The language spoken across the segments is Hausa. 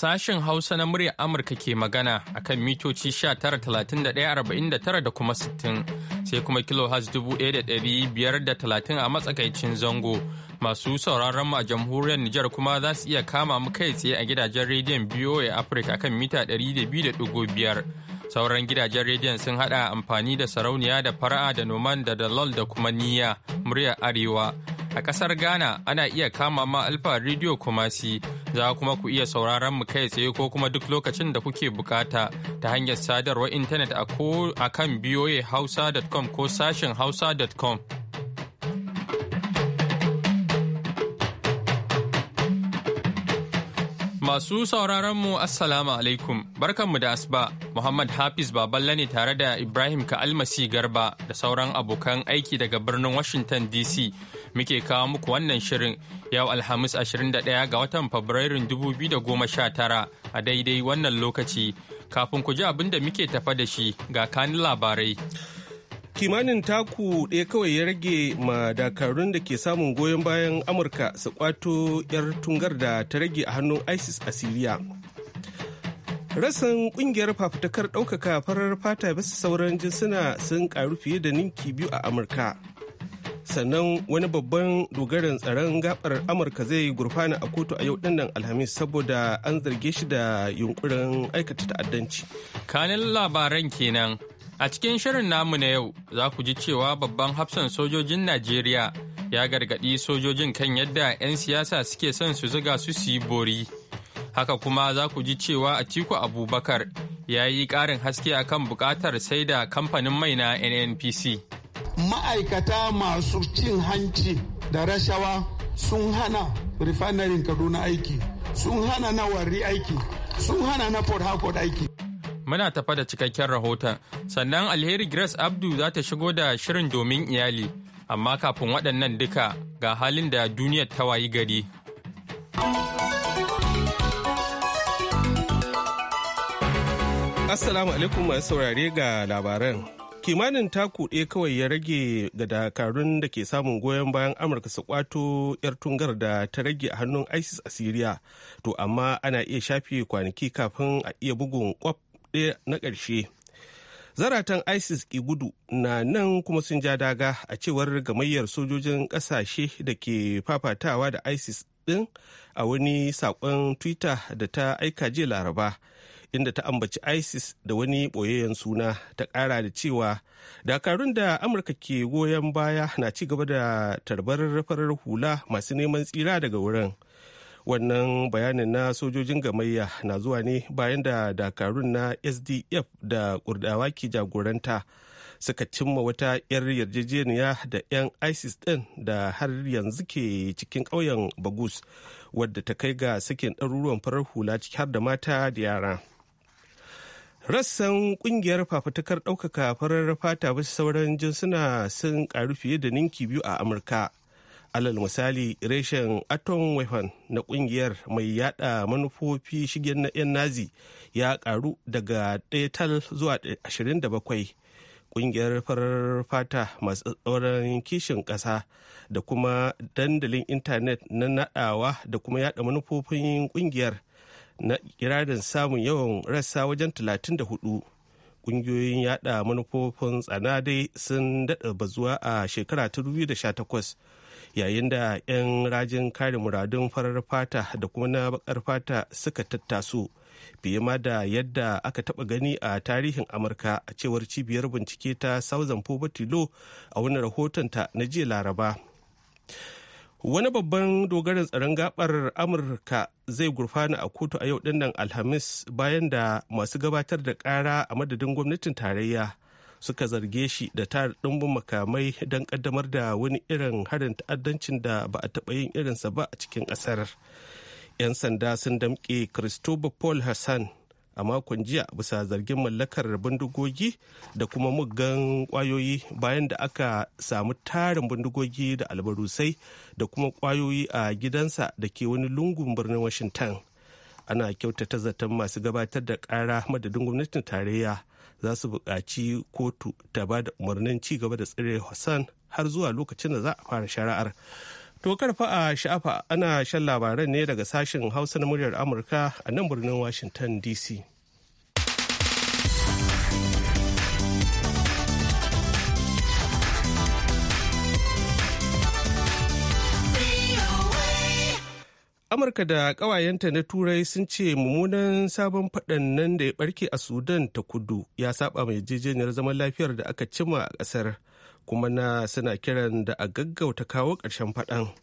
Sashen Hausa na muryar Amurka ke magana a kan mitoci 19,31,49 da kuma 60 sai kuma da 1,530 a matsakaicin zango. Masu sauraron mu a jamhuriyar Nijar kuma za su iya kama mu kai tsaye a gidajen rediyon BOA Afirka kan mita 200.5. Sauran gidajen rediyon sun hada amfani da sarauniya da fara'a da noman da dalol da kuma niyya muryar Arewa. A ƙasar Ghana ana iya kama ma Alfa Radio Kumasi za kuma ku iya sauraron mu kai tsaye ko kuma duk lokacin da kuke bukata ta hanyar sadarwar intanet a kan hausa.com ko sashen hausa.com. Masu sauraronmu Assalamu alaikum, barkanmu da asuba, Muhammad Hafiz Baballe ne tare da Ibrahim Ka'almasi Garba da sauran abokan aiki daga birnin Washington DC muke kawo muku wannan shirin yau Alhamis 21 ga watan Fabrairun 2019 a daidai wannan lokaci kafin ku ji abin da muke tafa da shi ga kanin labarai. kimanin taku ɗaya kawai ya rage ma dakarun da ke samun goyon bayan amurka su kwato 'yar tungar da ta rage a hannun isis a siriya Rasan kungiyar fafutakar ɗaukaka farar fata bisa sauran jinsuna sun karu fiye da ninki biyu a amurka sannan wani babban dogaren tsaron gabar amurka zai gurfana a kotu a yau dinnan alhamis saboda an zarge shi da yunkurin aikata ta'addanci kanin labaran kenan A cikin shirin namu na yau za ku ji cewa babban hafsan sojojin Najeriya ya gargaɗi sojojin kan yadda 'yan siyasa suke son su ziga su su yi bori. Haka kuma za ku ji cewa Atiku Abubakar ya yi ƙarin haske a kan buƙatar sai da kamfanin mai na NNPC. Ma'aikata masu cin hanci da rashawa sun hana refinery Kaduna aiki, sun hana na Warri aiki, sun hana na Port Harcourt aiki. muna tafa da cikakken rahoton sannan alheri grace abdu za ta shigo da shirin domin iyali amma kafin waɗannan duka ga halin da duniyar ta wayi gari assalamu alaikum masu saurare ga labaran kimanin taku kuɗe kawai ya rage ga dakarun da ke samun goyon bayan amurka su kwato 'yar tungar da ta rage a hannun isis a Syria to amma ana iya shafe kwanaki kafin a iya bugun kwaf ɗaya na ƙarshe zaratan isis ki gudu na nan kuma sun ja daga a cewar gamayyar sojojin ƙasashe da ke fafatawa da isis ɗin a wani saƙon twitter da ta aika jiya laraba inda ta ambaci isis da wani ɓoyayyen suna ta ƙara da cewa dakarun da amurka ke goyon baya na ci gaba da tarbar farar hula masu neman tsira daga wurin wannan bayanin na sojojin gamayya na zuwa ne bayan da dakarun na sdf da kurdawa ke jagoranta suka cimma wata 'yar yarjejeniya da 'yan isis din da har yanzu ke cikin ƙauyen bagus wadda ta kai ga sakin ɗaruruwan farar hula ciki har da mata da yara rassan kungiyar fafutukar ɗaukaka farar fata bisa sauran jinsuna sun ƙaru fiye da ninki biyu a amurka alal misali reshen atom weapon na kungiyar mai yada manufofi shigen na 'yan nazi ya karu daga tal zuwa 27 kungiyar farar fata masu tsoron kishin kasa da kuma dandalin intanet na nadawa da kuma yada manufofin kungiyar na kirarin samun yawan rassa wajen 34 kungiyoyin yada manufofin tsana dai sun daɗa bazuwa a shekara ta 2018 yayin da 'yan rajin kare muradun farar fata da kuma na bakar fata suka tattasu, fiye ma da yadda aka taba gani a tarihin amurka a cewar cibiyar bincike ta southern poverty law a wani rahotonta na jiya laraba wani babban dogaren tsaron gabar amurka zai gurfana a kotu a yau dinnan alhamis bayan da masu gabatar da kara a madadin gwamnatin tarayya suka zarge shi da tar ɗumbin makamai don ƙaddamar da wani irin harin ta'addancin da ba a taɓa yin irinsa ba a cikin ƙasar. 'Yan sanda sun damƙe Christopher Paul Hassan a makon jiya bisa zargin mallakar bindigogi da kuma muggan ƙwayoyi bayan da aka samu tarin bindigogi da albarusai da kuma ƙwayoyi a gidansa da ke wani lungun birnin washington ana kyautata zaton masu gabatar da ƙara madadin gwamnatin tarayya za su buƙaci kotu ta ba da umarnin ci gaba da tsire hassan har zuwa lokacin da za a fara shari'ar to karfa a sha'afa ana shan labaran ne daga sashen hausa na muryar amurka a nan birnin washington dc amurka da ƙawayenta na turai sun ce mummunan sabon faɗan nan da ya ɓarke a sudan ta kudu ya saba mai jijiyar zaman lafiyar da aka cima a ƙasar kuma na suna kiran da a gaggauta kawo ƙarshen faɗan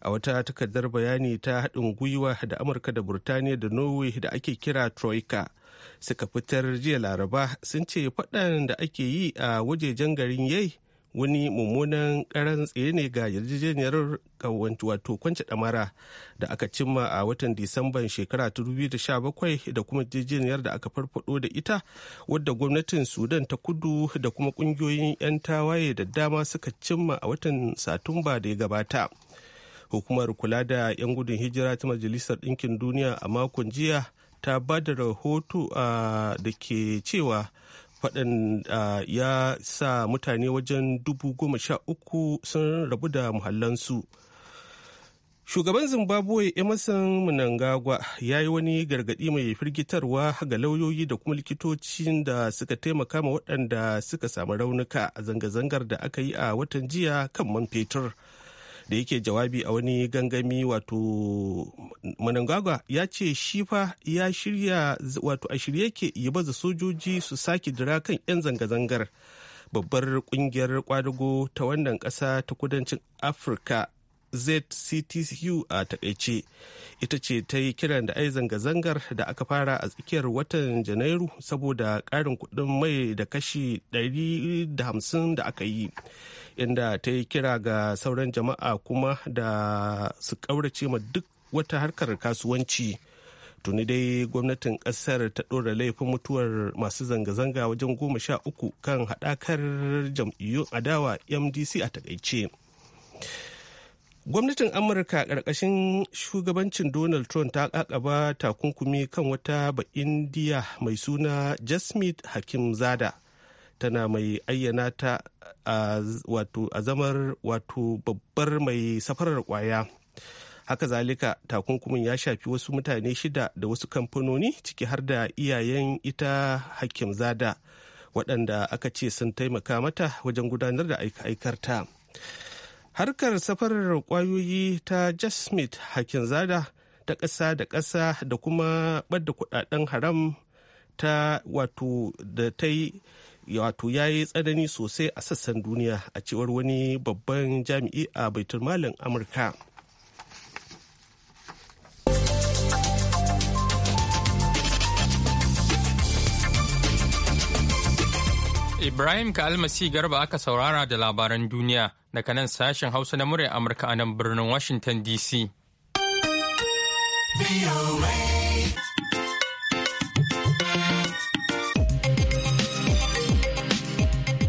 a wata takardar bayani ta haɗin gwiwa da amurka da burtaniya da norway da ake kira troika suka fitar jiya laraba sun ce faɗan da ake yi a wajejen garin yai wani mummunan karan tsaye ne ga yarjejeniyar wato kwance damara da aka cimma a watan disamban shekara 2017 da kuma yarjejeniyar da aka farfado da ita wadda gwamnatin sudan ta kudu da kuma kungiyoyin 'yan tawaye da dama suka cimma a watan satumba da ya gabata hukumar kula da 'yan gudun hijira ta majalisar ɗinkin duniya a makon jiya ta ba da rahoto da ke cewa faɗin ah, ya sa mutane wajen dubu goma sha uku sun rabu da muhallansu shugaban zimbabwe emerson mnangagwa ya yi wani gargaɗi mai firgitarwa ga lauyoyi da kuma likitocin da suka taimaka ma waɗanda suka samu raunuka a zanga-zangar da aka yi a watan jiya kan man fetur. da yake jawabi a wani gangami wato manangagwa ya ce shi fa ya shirya wato a shirye yake ya baza sojoji su sake dira kan 'yan zanga-zangar babbar kungiyar kwadugo ta wannan kasa ta kudancin afirka zctu a takaice ita ce ta yi kiran da ai zanga-zangar da aka fara a tsakiyar watan janairu saboda ƙarin kuɗin mai da kashi 150 da aka yi inda ta yi kira ga sauran jama'a kuma da su ƙaurace ma duk wata harkar kasuwanci tuni dai gwamnatin ƙasar ta ɗora laifin mutuwar masu zanga-zanga wajen goma sha uku kan haɗakar jam'iyyun adawa mdc a takaice Gwamnatin Amurka ƙarƙashin shugabancin Donald Trump ta ƙaƙaba takunkumi kan wata ba'indiya mai suna jasmit Hakim Zada tana mai ayyana ta a zamar wato babbar mai safarar ƙwaya. Haka zalika takunkumin ya shafi wasu mutane shida da wasu kamfanoni ciki har da iyayen ita Hakim Zada waɗanda aka ce sun taimaka mata wajen gudanar da aikarta aikarta harkar safarar kwayoyi ta jasmith hakin zada ta ƙasa da ƙasa da kuma ɓadda kudaden haram ta wato da ta yi wato ya yi tsanani sosai a sassan duniya a cewar wani babban jami'i a baitulmalin amurka Ibrahim ka Almasi Garba aka saurara da labaran duniya daga nan sashen Hausa na murya Amurka a nan birnin Washington DC.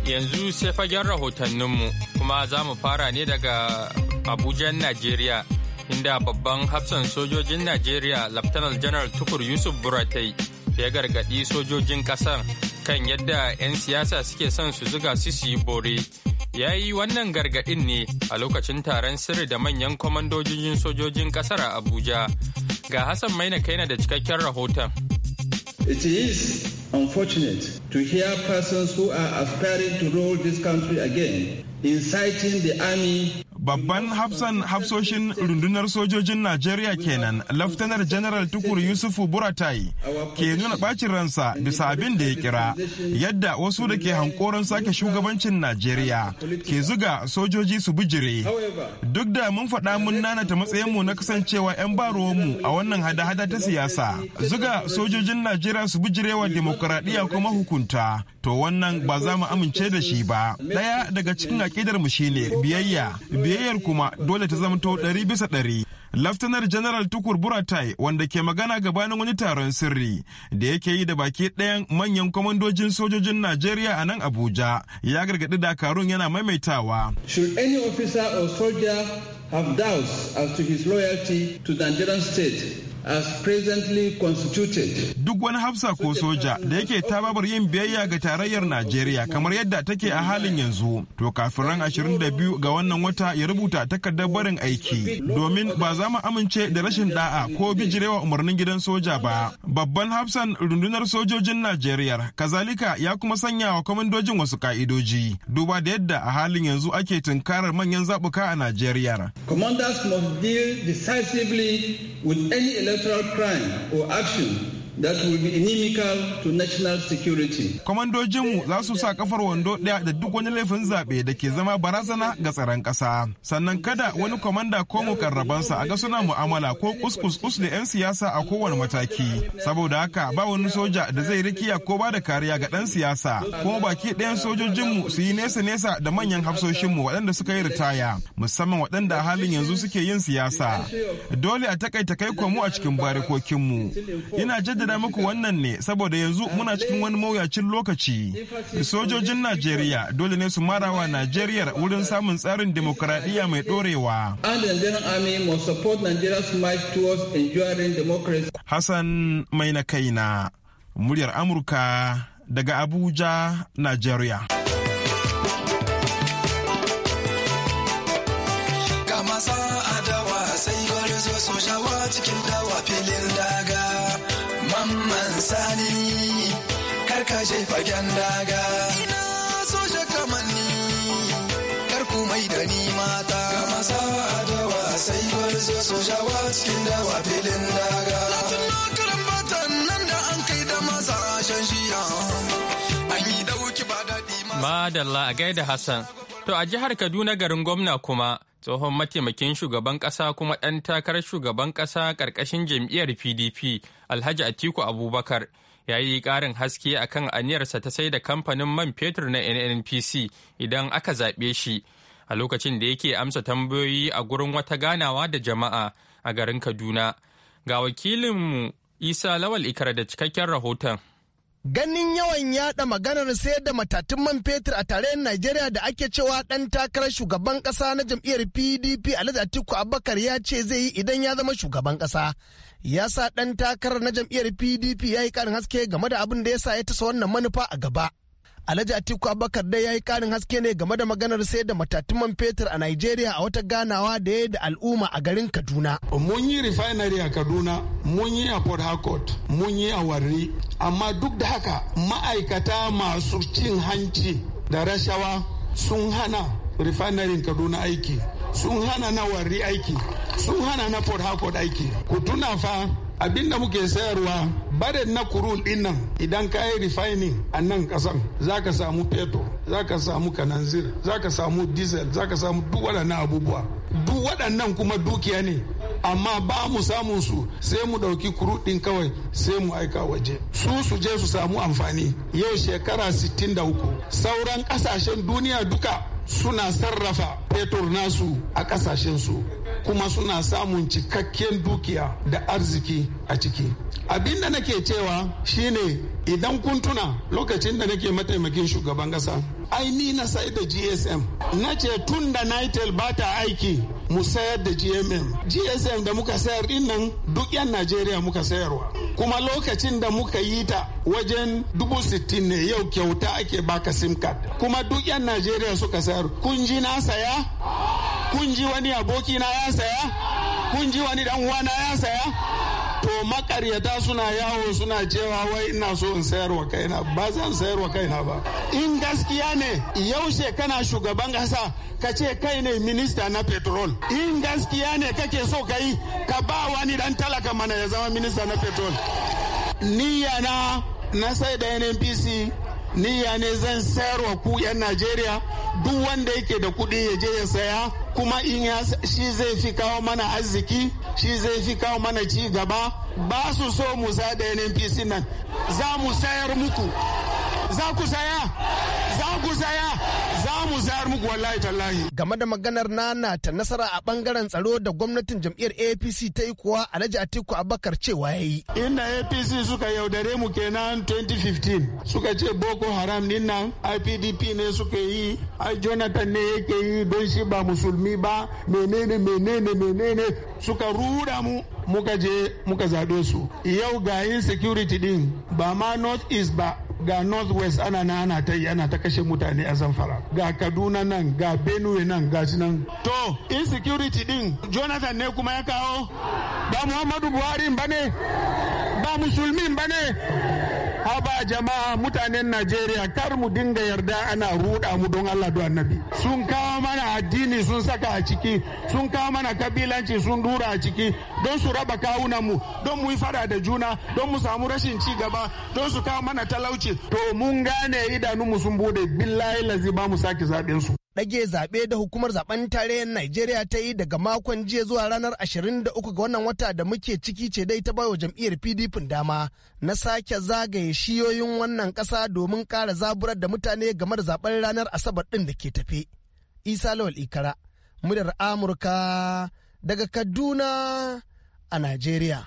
Yanzu sai fagen rahotanninmu kuma za mu fara ne daga Abuja, Najeriya. inda babban hafsan sojojin Najeriya Lieutenant Janar Tukur Yusuf Buratai ya gargaɗi sojojin ƙasar kan yadda 'yan siyasa suke son su zuga su su yi bore ya yi wannan gargaɗin ne a lokacin taron sirri da manyan kwamandojin sojojin ƙasar a abuja ga hassan maina na da cikakken rahoton It is unfortunate to hear persons who are aspiring to rule this country again inciting the army Babban hafsan hafsoshin rundunar sojojin Najeriya kenan, Laftanar Janaral Tukur Yusufu Buratai ke nuna bacin ransa bisa abin da ya kira yadda wasu da ke hankoron sake shugabancin Najeriya ke zuga sojoji su bijire. Duk da mun faɗa mun nanata matsayinmu na kasancewa 'yan mu a wannan hada-hada ta siyasa, zuga sojojin Najeriya su wa demokuraɗiyya kuma hukunta, to wannan ba za mu amince da shi ba. Ɗaya daga cikin aƙidar mu shine biyayya. biyayyar kuma dole ta zamto ɗari bisa ɗari. Laftanar General Tukur Buratai wanda ke magana gabanin wani taron sirri da yake yi da baki ɗayan manyan kwamandojin sojojin Najeriya a nan Abuja ya gargaɗi Dakarun yana maimaitawa. Should any officer or soldier have doubts as to his loyalty to the Nigerian state, as presently constituted. Duk wani hafsa ko soja da yake tababar yin biyayya ga tarayyar Najeriya kamar yadda take a halin yanzu, to kafin ran 22 ga wannan wata ya rubuta takardar barin aiki domin ba za mu amince da rashin da'a ko bijirewa umarnin gidan soja ba. Babban hafsan rundunar sojojin Najeriya kazalika ya kuma sanya wa kwamandojin wasu ka'idoji duba da yadda a halin yanzu ake tunkarar manyan zaɓuka a Najeriya. Commanders must deal decisively with any electoral crime or action that will be inimical to national security. Kwamandojinmu za su sa kafar wando ɗaya da duk wani laifin zaɓe da ke zama barazana ga tsaron ƙasa. Sannan kada wani kwamanda ko mukarrabansa a ga suna mu'amala ko kuskus da 'yan siyasa a kowane mataki. Saboda haka ba wani soja da zai rikiya ko ba da kariya ga ɗan siyasa. Kuma baki ɗayan sojojinmu su yi nesa-nesa da manyan hafsoshinmu waɗanda suka yi ritaya musamman waɗanda a halin yanzu suke yin siyasa. Dole a takaita kai mu a cikin barikokinmu. Ina jaddada jaddada muku wannan ne saboda yanzu muna cikin wani mawuyacin lokaci sojojin najeriya dole ne su marawa najeriya wurin samun tsarin demokuraɗiyya mai ɗorewa hassan mai na kaina muryar amurka daga abuja najeriya ga sai bari cikin dawa filin daga mamman sani je fagen daga ina so shakamanni karku mai da ni mata masa adawa sai gwarzo soja wa cikin dawa filin daga na nan da an kai da dauki ba daɗi ma madalla a gaida hassan To a jihar Kaduna garin gwamna kuma tsohon mataimakin shugaban ƙasa kuma ɗan takarar shugaban ƙasa ƙarƙashin jam'iyyar PDP Alhaji Atiku Abubakar ya yi ƙarin haske a kan aniyarsa ta sai da kamfanin man fetur na NNPC idan aka zaɓe shi a lokacin da yake amsa tambayoyi a gurin wata ganawa da jama'a a garin Kaduna. Ga wakilinmu Isa Lawal Ikara da cikakken rahoton. ganin yawan yaɗa maganar sai da matatun man fetur a tarayyar Najeriya da ake cewa ɗan takarar shugaban kasa na jam'iyyar PDP Alhaji Atiku Abubakar ya ce zai yi idan ya zama shugaban ƙasa Ya sa dan takarar na jam'iyyar PDP ya yi karin haske game da abin da ya sa ya tasa wannan manufa a gaba. Alhaji Atiku Abubakar dai yayi karin haske ne game da maganar sayar da matatun fetur a Najeriya a wata ganawa da ya da al'umma a garin Kaduna. Mun yi refinery a Kaduna, mun yi a Port Harcourt, mun yi a Warri, amma duk da haka ma'aikata masu cin hanci da rashawa sun hana refinery Kaduna aiki, sun hana na Warri aiki, sun hana na Port Harcourt aiki. Ku tuna fa abin da muke sayarwa barin na kurun dinnan idan ka yi refining a nan kasan za ka samu fetur za ka samu kananzir za ka samu diesel za ka samu duk waɗannan abubuwa duk waɗannan kuma dukiya ne amma ba mu samun su sai mu ɗauki kurudin kawai sai mu aika waje su su je su samu amfani yau shekara 63 sauran ƙasashen duniya duka suna sarrafa fetur nasu a ƙasashen su. kuma suna samun cikakken dukiya da arziki a ciki abin da nake cewa shine idan kun tuna lokacin da nake mataimakin shugaban kasa ai ni na sai da gsm na ce tun da nitel ba ta aiki mu sayar da gmm gsm da muka sayar din nan duk yan najeriya muka sayarwa kuma lokacin da muka yi ta wajen dubu sittin ne yau kyauta ake baka sim card kuma duk yan najeriya suka sayar kun ji na saya kun ji wani abokina ya saya kun ji wani dan uwana ya saya to makaryata suna yawo suna cewa wai ina so in sayarwa kaina ba zan sayarwa kaina ba in gaskiya ne yaushe kana shugaban kasa ka ce kai ne minista na petrol in gaskiya ne kake so ka ka ba wani dan talaka mana ya zama minista na petrol niyya na na sai da nnpc niyya ne zan sayarwa ku 'yan najeriya duk wanda yake da kuɗi ya je ya saya kuma in ya shi zai fi kawo mana arziki shi zai fi kawo mana ci gaba ba su so mu sa da NNPC nan za mu sayar muku za ku saya za ku saya mu muku wallahi tallahi. Game da maganar nana ta nasara a bangaren tsaro da gwamnatin jam'iyyar APC ta yi kuwa Alhaji Atiku Abakar cewa yayi. Inda APC suka yaudare mu kenan 2015 suka ce Boko Haram din nan IPDP ne suka yi ai Jonathan ne yake yi don shi ba musulmi ba menene menene menene suka ruda mu muka je muka zaɓe su. Yau ga insecurity din ba ma north east ba ga northwest ana na ana ta yi ana ta kashe mutane a zamfara ga kaduna nan ga benue nan ga shi nan to insecurity din jonathan ne kuma ya kawo ba muhammadu buhari ba ne ba musulmin ba ne ba jama'a mutanen najeriya kar mu dinga yarda ana ruda mu don allah don annabi sun kawo mana addini sun saka a ciki sun kawo mana kabilanci sun dura a ciki don su raba kawunan mu don mu yi fada da juna don mu samu rashin ci gaba don su kawo mana talauci to mun gane idanunmu sun bude billahi lazi ba mu sake zaɓen su ɗage zaɓe da hukumar zaben tarayyar Najeriya ta yi daga makon jiya zuwa ranar 23 ga wannan wata da muke ciki ce dai ta baiwa jam'iyyar PDP dama na sake zagaye shiyoyin wannan ƙasa domin ƙara zaburar da mutane game da zaben ranar Asabar ɗin da ke tafe. Isa Lawal Ikara, muryar Amurka daga Kaduna a Najeriya.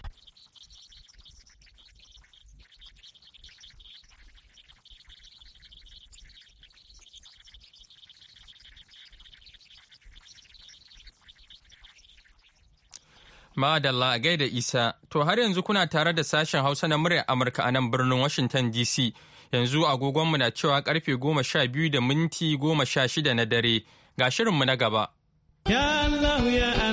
Madalla a gaida Isa, to har yanzu kuna tare da sashen Hausa na muryar Amurka a nan birnin Washington DC. Yanzu agogonmu na cewa karfe goma sha biyu da minti goma sha shida na dare. Ga shirinmu na gaba. Ya Allah ya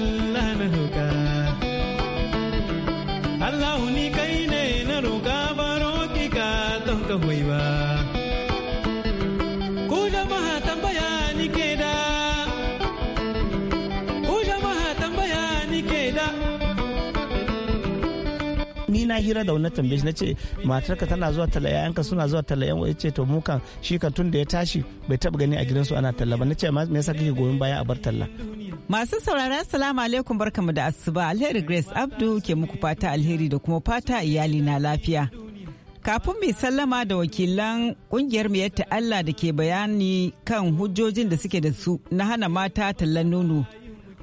hira da wannan tambaye na ce matarka tana zuwa talla yayanka suna zuwa talla yan ya ce to mu kan shi kan tun da ya tashi bai taba gani a gidan su ana talla ba na ce me yasa kake goyon baya a bar talla Masu saurara assalamu alaikum barkamu da asuba alheri Grace Abdu ke muku fata alheri da kuma fata iyali na lafiya. Kafin mai sallama da wakilan kungiyar miyatta Allah da ke bayani kan hujjojin da suke da su na hana mata tallan nono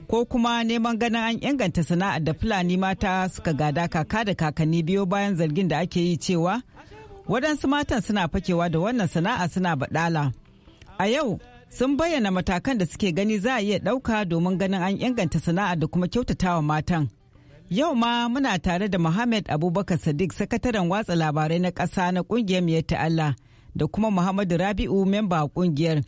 ko kuma neman ganin an inganta sana'ar da fulani mata suka gada kaka da kakanni biyo bayan zargin da ake yi cewa waɗansu matan suna fakewa da wannan sana'a suna baɗala a yau sun bayyana matakan da suke gani za a iya ɗauka domin ganin an inganta sana'a da kuma kyautatawa matan Yau ma muna tare da Muhammad Abubakar Sadiq sakataren watsa labarai na ƙasa na ƙungiyar Miyar Allah da kuma Muhammadu Rabi'u memba ƙungiyar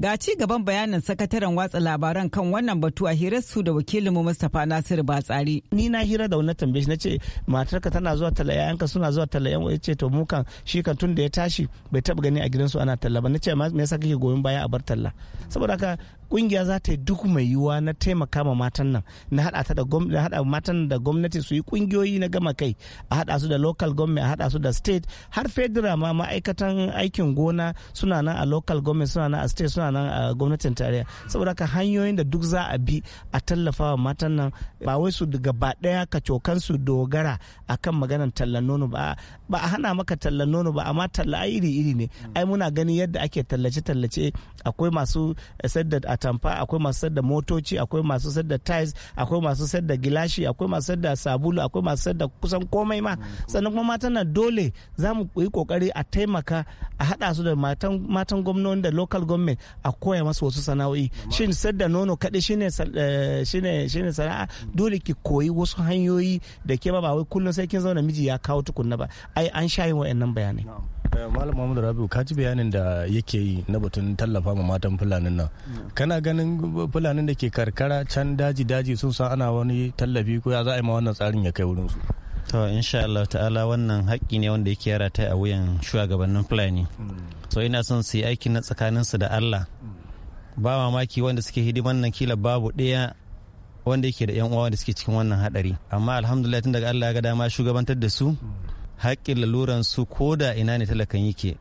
Ga ci gaban bayanin sakataren watsa labaran kan wannan batu a hirar su da wakilinmu Mustapha Nasiru Batsari. Ni na hira da wani tambaye na ce matarka tana zuwa talla yayanka suna zuwa talla yan ya ce to mu kan shi kan tun da ya tashi bai taba gani a gidansu ana talla ba na ce me yasa kake goyon baya a bar talla. Saboda haka kungiya za ta yi duk mai yiwuwa na taimaka ma matan nan na hada ta da matan da gwamnati su yi kungiyoyi na gama kai a hada su da local government a hada su da state har federal ma ma'aikatan aikin gona suna nan a local government suna nan a state suna nan a gwamnatin tarayya saboda ka hanyoyin da duk za a bi a tallafa wa matan nan ba wai su gaba daya ka cokan su dogara akan maganar tallan nono ba ba a hana maka tallan nono ba amma talla iri iri ne ai muna ganin yadda ake tallace tallace akwai masu sayar a atamfa akwai masu sayar da motoci akwai masu sayar da tiles akwai masu sayar da gilashi akwai masu sayar da sabulu akwai masu sayar da kusan komai ma sannan kuma matan na dole za mu yi kokari a taimaka a haɗa su da matan matan gwamnoni da local government a koya masu wasu sana'o'i shin sayar da nono kaɗai shine eh, shine shine sana'a dole ki koyi wasu hanyoyi da ke ba wai kullum sai kin zauna miji ya kawo tukunna ba ai an sha yin wa'annan bayanai Eh, malam mahmud rabiu ka ji bayanin da yake yi na batun tallafa ma matan fulanin nan mm. kana ganin fulanin da ke karkara can daji daji sun san ana wani tallafi ko ya za a yi ma wannan tsarin ya kai wurin su to insha Allah ta'ala wannan haƙƙi ne wanda yake yara ta a wuyan shugabannin fulani mm. so ina son su yi aiki na tsakanin su da Allah mm. ba mamaki wanda suke hidiman nan kila babu ɗaya wanda yake da yan uwa wanda suke cikin wannan hadari amma alhamdulillah tun daga Allah ya ga dama shugabantar da su haƙƙin laluran su ko da ina ne talakan yake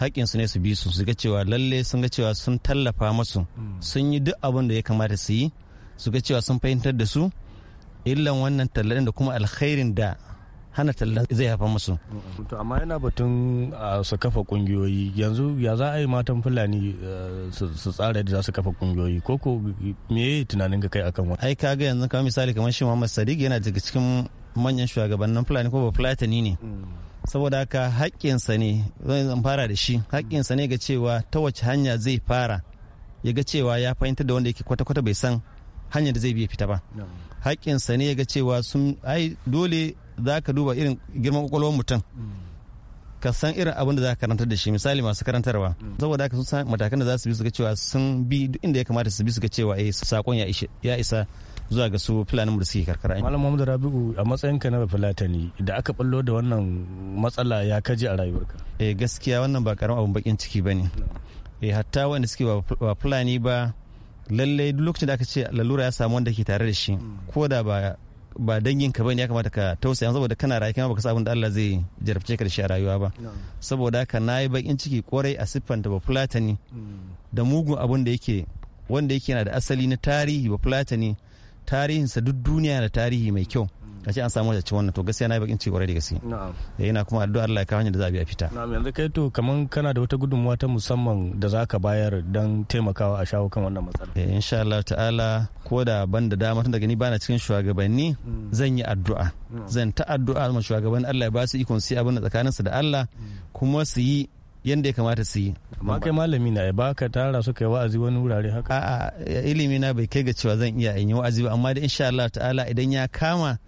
haƙƙin su ne su bi su su ga cewa lalle sun ga cewa sun tallafa masu sun yi duk abin da ya kamata su yi su ga cewa sun fahimtar da su illan wannan tallan da kuma alkhairin da hana tallan zai haifar musu. To amma yana batun su kafa kungiyoyi yanzu ya za a yi matan fulani su tsara yadda za su kafa kungiyoyi ko ko me tunanin ka kai akan wani. Ai kaga yanzu kamar misali kamar shi Muhammad Sadiq yana daga cikin manyan shugabannin fulani ko ba fulatani ne mm. saboda haka haƙƙinsa ne zan fara da shi haƙƙinsa ne ga cewa ta wace hanya zai fara ya ga cewa ya fahimtar da wanda yake kwata-kwata bai san hanyar da zai biya fita ba haƙƙinsa ne ya ga cewa sun ai dole za ka duba irin girman kwakwalwar mutum mm. ka san irin abin da za ka karanta da shi misali masu karantarwa mm. saboda haka sun san matakan da za su bi su ga cewa sun bi duk inda ya kamata su bi su ga cewa eh sakon ya isa zuwa ga su filanin da suke karkara malam muhammadu rabi'u a matsayin ka na fulatani da aka ballo da wannan matsala ya kaji a rayuwarka eh gaskiya wannan ba karamin abun bakin ciki ne. eh hatta wanda suke ba fulani ba lallai duk lokacin da aka ce lalura ya samu wanda ke tare da shi hmm. ko da ba ba dangin ka bane ya kamata ka tausaya saboda kana rayuwa kuma baka san abin da Allah zai jarabce ka da shi a rayuwa ba saboda haka nayi bakin ciki kwarai a siffanta ba fulatani hmm. da mugun abun da yake wanda yake yana da asali na tarihi ba tarihinsa duk duniya da tarihi mai kyau mm. a ce an samu da wannan to gaskiya na bakin ci kwarai da gaske yana eh, kuma addu'a Allah ya kawo da za a biya fita na'am yanzu kai to kaman kana da wata gudunmuwa ta musamman da za ka bayar don taimakawa a shawo kan wannan matsala eh insha Allah ta'ala ko da ban da dama tun daga ni bana cikin shugabanni mm. zan yi addu'a mm. zan ta addu'a ma shugaban Allah ya ba su ikon su abin da tsakaninsu da Allah kuma su yi yadda ya kamata su yi amma kai malami na ba ka tara su kai wa'azi wani wurare haka a'a ilimi na bai kai ga cewa zan iya in yi wa'azi ba amma da insha Allah ta'ala idan ya kama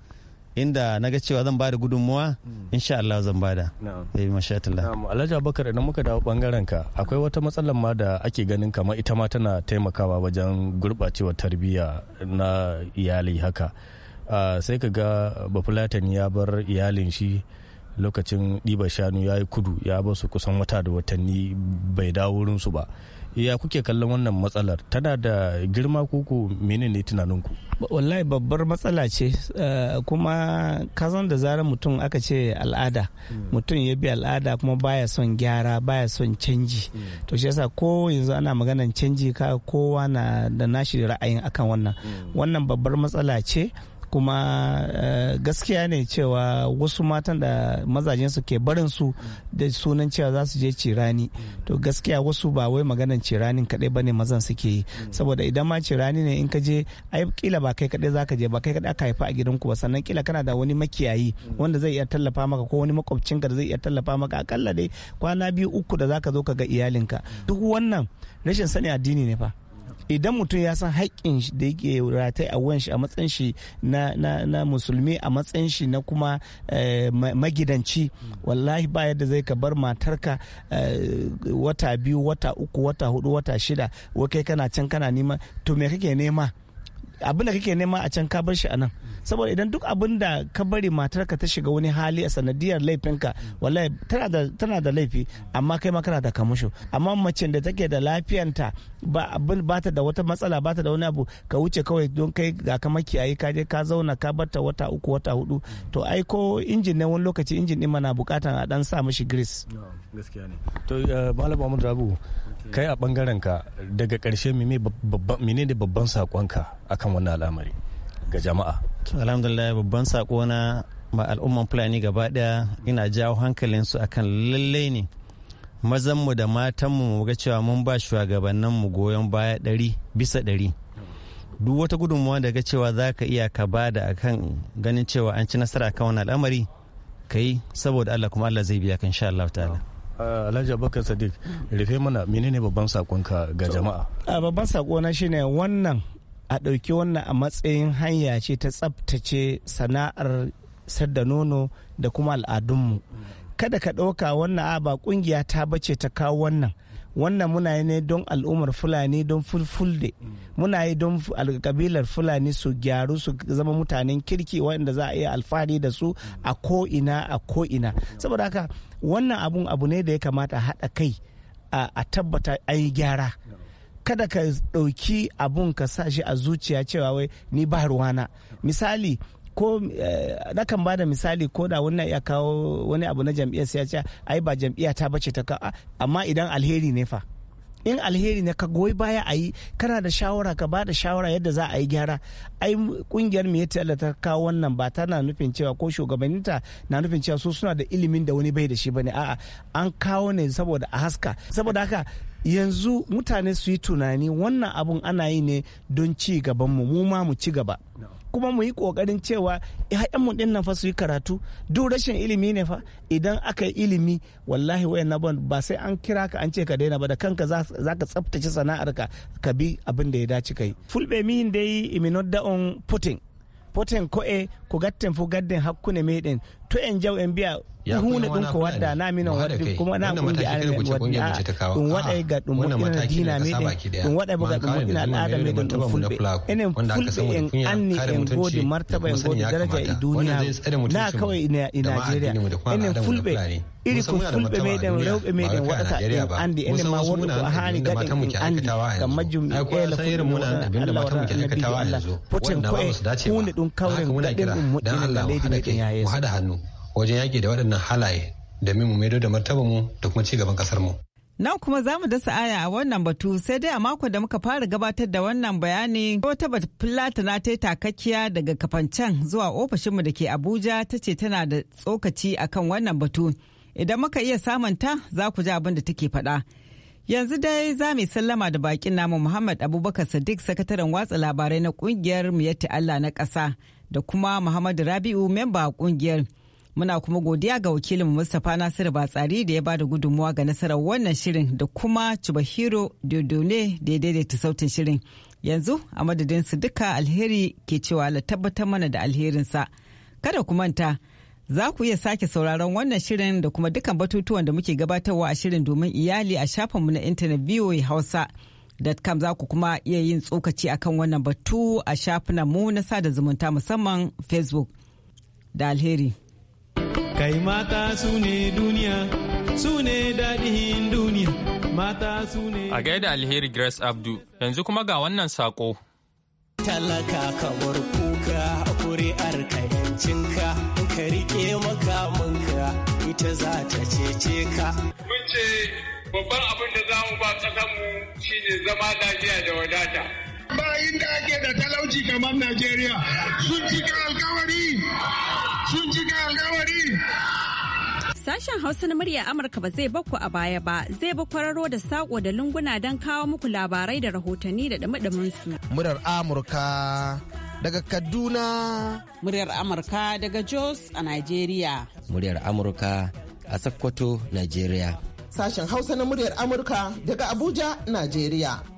inda na ga cewa zan bada gudunmuwa hmm. insha Allah zan bada eh masha Allah Alhaji Abubakar idan muka dawo bangaren ka akwai wata matsalar ma da ake ganin kamar ita ma tana taimakawa wajen gurbacewa tarbiyya na iyali haka ah, sai ka ga bafulatani ya bar iyalin shi lokacin ɗiba shanu ya yi kudu ya ba su kusan wata da watanni bai dawo wurin su ba ya kuke kallon wannan matsalar tana da girma koko mene ne tunaninku wallahi babbar matsala ce eh, kuma kazan da zarar mutum aka ce al'ada hmm. mutum ya bi al'ada kuma baya son gyara baya son canji hmm. to shi yasa ko yanzu ana maganan canji ka kowa na da nashi ra'ayin akan wannan hmm. wannan babbar matsala ce kuma eh, gaskiya ne cewa wasu matan da mazajen su ke barin su da sunan cewa za su je cirani to gaskiya wasu ba wai maganan ciranin kadai bane mazan suke yi saboda idan ma cirani ne in ka je ai kila ba kai kadai zaka je ba kai kadai aka haifa a gidan ku ba sannan kila kana da wani makiyayi wanda zai iya tallafa maka ko wani makwabcinka da zai iya tallafa maka akalla dai kwana biyu uku da zaka zo ka ga iyalinka duk wannan rashin sani addini ne fa idan mutum ya san haƙƙin da yake ratai a wanshi a matsayin shi na musulmi a matsayin shi na kuma eh, magidanci wallahi ba yadda zai ka bar matarka eh, wata biyu wata uku wata hudu wata shida wakai kana can kana nema to me kake nema abin da kake nema a can ka bar shi a nan saboda idan duk abin da ka bari matar ka ta shiga wani hali a sanadiyar laifinka wallahi tana da laifi amma kai ma kana da kamusho amma macen da take da lafiyanta ba abin ba ta da wata matsala ba ta da wani abu ka wuce kawai don kai ga ka makiyayi ka je ka zauna ka bar ta wata uku wata hudu to ai ko injin ne wani lokaci injin din mana bukatan a dan sa mishi grease gaskiya to eh, malam Muhammad Rabu kai a bangaren ka daga karshe mene babban sakonka akan kan wannan al'amari ga jama'a alhamdulillah babban saƙo na ma al'umman fulani gaba ɗaya. ina jawo hankalinsu akan lallai ne mazanmu da matanmu mu ga cewa mun ba mu goyon baya ɗari bisa ɗari duk wata gudunmuwa da ga cewa za ka iya ka ba da akan ganin cewa an ci nasara kan wani al'amari ka yi saboda allah kuma allah zai biya kan sha allah ta'ala alhaji abubakar sadiq rufe mana menene babban saƙonka ga jama'a babban saƙona shine wannan a ɗauki wannan a matsayin hanya ce ta tsabtace sana'ar sadda nono da kuma al'adunmu kada ka ɗauka wannan a ba ƙungiya ta bace ta kawo wannan wannan muna yi ne don al'ummar fulani don fulfulde muna yi don kabilar fulani su gyaru su zama mutanen kirki wanda za a iya alfahari da su a ko'ina a ko'ina saboda haka wannan abun abu ne da ya kamata haɗa kai a tabbata an yi gyara kada ka ɗauki abun ka sa shi a zuciya cewa wai ni ba ruwana misali ko eh, na kan ba da misali ko da wannan ya kawo wani abu na jam'iyyar sai ya ce ai ba jam'iyya ta bace ta kawo amma idan alheri ne fa in alheri ne ka goyi baya a yi kana da shawara ka ba da shawara yadda za a yi gyara ai kungiyar mu yadda ta kawo wannan ba tana nufin cewa ko shugabanninta na nufin cewa su suna da ilimin da wani bai da shi bane a'a an kawo ne saboda a haska saboda haka yanzu mutane su yi tunani wannan abun ana yi ne don ci gaban mu mu ma mu ci gaba kuma mu yi kokarin cewa mu ɗin nan fa su yi karatu duk rashin ilimi ne fa idan aka yi ilimi wallahi wayan na ba sai an kira ka an ce ka daina ba da kanka za ka tsaftace sana'ar ka ka bi abin da ya dace ka yi fulɓe dai iminodda on putin ko e ku gattin fu gadden hakkune meɗen to en jau en mbiya hunde ɗum ko wadda na minon wadda kuma na kungiya anen en waddi a ɗum waɗay ga ɗum moƴƴina dina wadda ɗum waɗay boga ɗum moƴƴina al'ada meɗen ɗum fulɓe enen fulɓe en anni en godi martaba en godi daraja e duniya na kawai e nigeria enen fulbe iri ko fulɓe meɗen rewɓe meɗen waɗata en andi ene ma wonɗo ko hani gaɗen en andi gam majjum en ela fulɓeallah wara nabijo allah poten koye hunde ɗum kawren gaɗen ɗum moƴƴina ga me meɗen ya yeeso wajen yaƙi da waɗannan halaye domin mu maido da mu da kuma cigaban gaban mu. Nan kuma za mu dasa aya a wannan batu sai dai a makon da muka fara gabatar da wannan bayani wata fulatana ta yi takakkiya daga kafancen zuwa ofishinmu da ke Abuja ta ce tana da tsokaci akan wannan batu. Idan muka iya samunta za ku ji abin da take faɗa. Yanzu dai za mu sallama da bakin namu Muhammad Abubakar Sadiq sakataren watsa labarai na kungiyar Miyatti Allah na ƙasa da kuma Muhammadu Rabi'u memba kungiyar. Muna kuma godiya ga wakilin Mustapha Nasiru Batsari da ya ba da gudunmuwa ga nasarar wannan shirin da kuma Chubahiro Dodone da ya daidaita sautin shirin. Yanzu a madadin su duka alheri ke cewa la tabbatar mana da alherinsa. Kada ku manta za ku iya sake sauraron wannan shirin da kuma dukan batutuwan da muke gabatarwa a shirin domin iyali a shafinmu na intanet VOA Hausa. com za ku kuma iya yin tsokaci akan wannan batu a shafinan mu na sada zumunta musamman Facebook da alheri. kai mata su ne duniya su ne daɗin duniya mata su ne a gaida alheri grace abdu yanzu kuma ga wannan sako talaka kamar kuka kuri'ar kayancinka ka rike makamanka ita za ta cece ka mun ce babban abin da za mu ba shi shine zama lafiya da wadata Bayan da ake da talauci kamar najeriya sun cika alkawari Sun cika alkawari. Sashen Hausa na murya Amurka ba zai bakku a baya ba, zai ba kwararo da saƙo da lunguna don kawo muku labarai da rahotanni da dumi su. Murar Amurka daga Kaduna. Muryar Amurka daga Jos a Najeriya. Muryar Amurka a Sokoto, Najeriya. Sashen Hausa na muryar Amurka daga Abuja, Najeriya.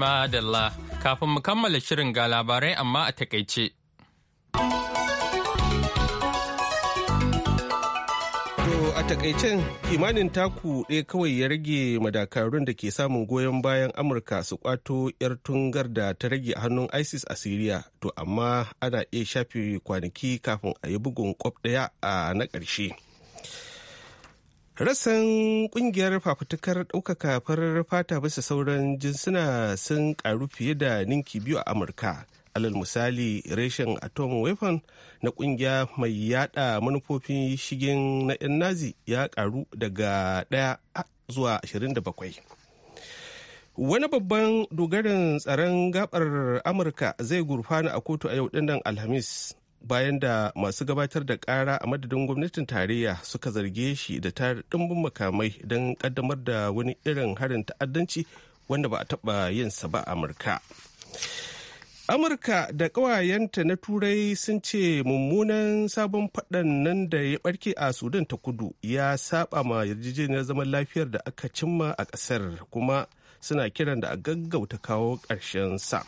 Madalla, kafin mu kammala shirin ga labarai amma a takaice. a takaicen kimanin taku ɗaya kawai ya rage madakarun da ke samun goyon bayan amurka su kwato 'yar tungar da ta rage a hannun isis a siriya to amma ana iya shafe kwanaki kafin a yi bugun kwab ɗaya a na ƙarshe. Rassan kungiyar fafutukar ɗaukaka farar fata bisa sauran jinsuna sun karu fiye da ninki biyu a Amurka. Alal misali reshen atom weapon na kungiya mai yada manufofin shigin na 'yan nazi ya karu daga ɗaya zuwa 27. Wani babban dogarin tsaron gabar Amurka zai gurfana a kotu a yau dindan Alhamis bayan da masu gabatar da kara a madadin gwamnatin tarayya suka zarge shi da tar dimbin makamai don kaddamar da wani irin harin ta'addanci wanda ba a taba sa ba amurka amurka da ƙawayenta na turai sun ce mummunan sabon faɗan nan da ya barke a sudan ta kudu ya saba ma yarjejeniyar zaman lafiyar da aka cimma a ƙasar kuma suna kiran da a gaggauta kawo ƙarshen sa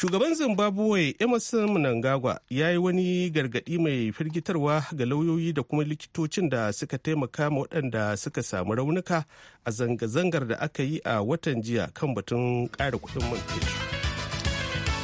shugaban zimbabwe emerson mnangagwa ya yi wani gargaɗi mai firgitarwa ga lauyoyi da kuma likitocin da suka taimaka ma waɗanda suka samu raunuka a zanga-zangar da aka yi a watan jiya kan batun ƙara kuɗin man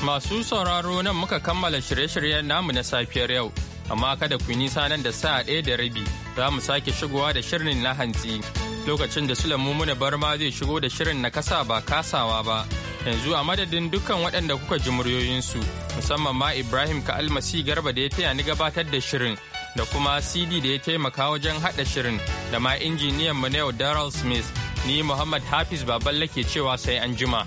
masu sauraro nan muka kammala shirye-shiryen namu na safiyar yau amma kada ku nisa nan da sa ɗaya da rabi za mu sake shigowa da shirin na hantsi. lokacin da Sulaimu Muna Barma zai shigo da shirin na kasa ba kasawa ba. Yanzu a madadin dukkan waɗanda kuka ji muryoyinsu musamman ma Ibrahim ka almasi garba da ya taya ni gabatar da shirin da kuma CD da ya taimaka wajen haɗa shirin da ma injiniyan mu na yau Daryl Smith ni Muhammad Hafiz Baballe ke cewa sai an jima.